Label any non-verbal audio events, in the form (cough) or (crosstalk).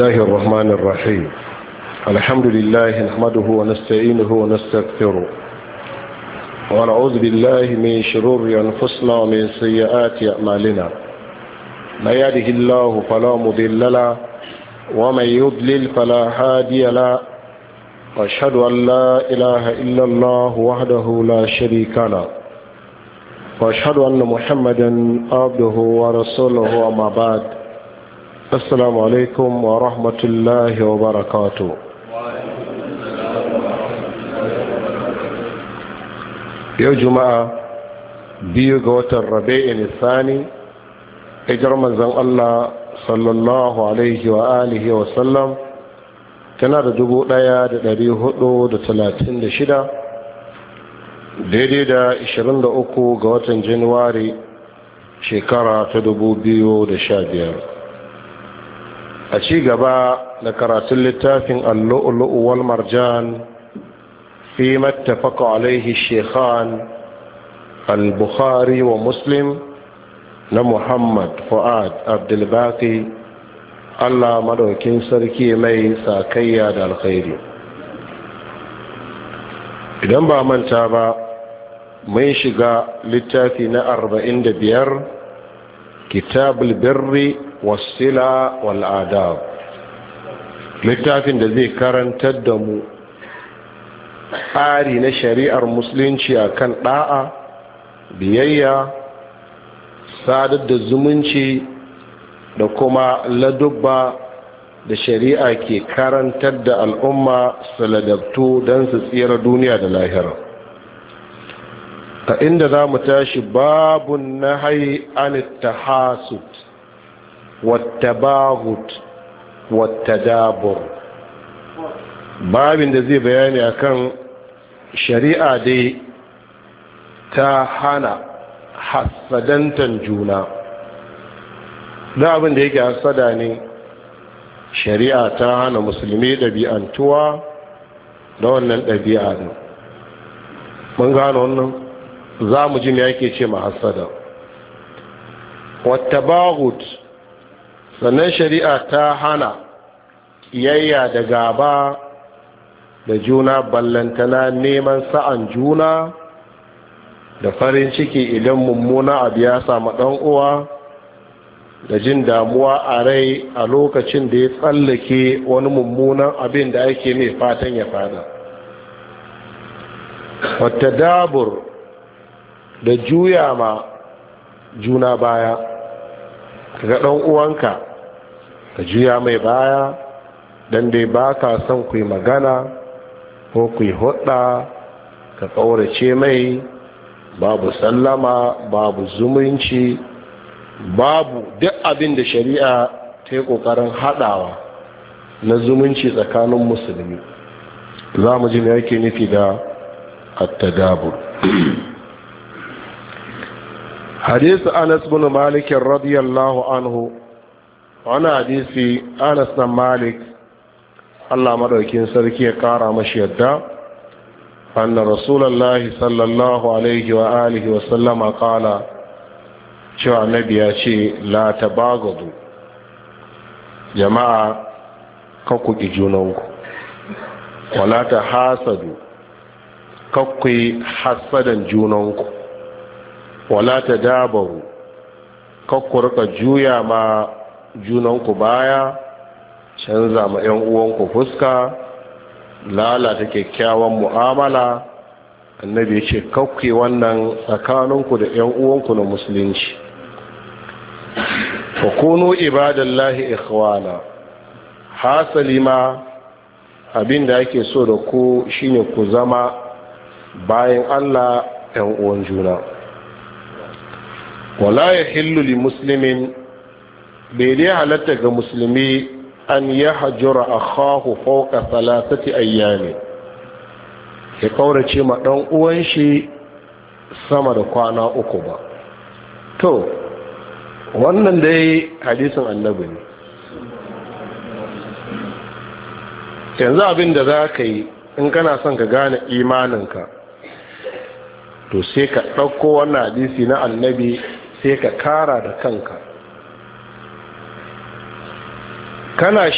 الله الرحمن الرحيم الحمد لله نحمده ونستعينه ونستغفره ونعوذ بالله من شرور أنفسنا ومن سيئات أعمالنا ما يهده الله فلا مضل له ومن يضلل فلا هادي له واشهد ان لا اله الا الله وحده لا شريك له واشهد ان محمدا عبده ورسوله وما بعد السلام عليكم ورحمة الله وبركاته يا جماعة biyu ga watan rabi'in Sani, hijar manzon Allah sallallahu tana da dubu ɗaya da ɗari hudu da talatin da shida daidai da ishirin da uku ga watan januwari shekara ta dubu biyu da sha biyar a ci gaba da karatun littafin allu'ulu'u wal marjan fi mattafaka alaihi shekhan al-bukhari wa muslim na muhammad fu'ad abdulbaki allah madaukin sarki mai sakayya da alkhairi idan ba manta ba mun shiga littafi na arba'in da biyar. kitabul birri wasila wal littafin da zai karantar da mu tsari na shari'ar musulunci akan ɗa'a biyayya sadar da zumunci da kuma ladubba da shari'a ke karantar da al'umma saladabtu don su tsira duniya da lahira a inda za mu tashi babun na hai bahut, wata dabur, babin da zai bayani akan shari'a dai ta hana hasadantan juna da abin da yake hasada ne shari'a ta hana musulmi ɗabi'antuwa da wannan ɗabi'a ne mun gano wannan za mu ji me yake ce ma hasada wattabaghut sannan shari'a ta hana yayya da gaba da juna ballantana neman sa'an juna da farin ciki idan mummuna abu ya samu ɗan uwa da jin damuwa a rai a lokacin da ya tsallake wani mummunan abin da ake mai fatan ya fada wata dabur da juya ma juna baya ga ɗan uwanka ka juya mai baya don dai ba ka son ku magana ko ku yi hudda ka ƙaurace mai babu sallama babu zumunci babu duk abin da shari'a ta yi ƙoƙarin haɗawa na zumunci tsakanin musulmi za mu ji me yake nufi da attadabur (clears throat) حديث أنس بن مالك رضي الله عنه وعن حديث أنس بن مالك الله مدوكين سركي قارا مشيدا أن رسول الله صلى الله عليه وآله وسلم قال شو النبي شيء لا تباغضوا جماعة كوكو جونونكو ولا تحاسدوا كوكو حسدا جونونكو wala ta dabaru riƙa juya ma junanku baya canza ma 'yan uwanku fuska lalata kyakkyawan mu'amala annabi ya ce kakke wannan tsakaninku da 'yan uwanku na musulunci fa kunu ibadallahi ikhwana hasali ma abin da ake so da ku shine ku zama bayan allah 'yan uwan juna wala ya hillu li muslimin bai dai halatta ga musulmi an ya hajjura a khahu fauka salatati ayyami ya kaurace ma ɗan uwan shi sama da kwana uku ba to wannan dai hadisin annabi ne yanzu abin da za ka yi in kana son ka gane imaninka to sai ka ɗauko wannan hadisi na annabi sai ka kara da kanka kana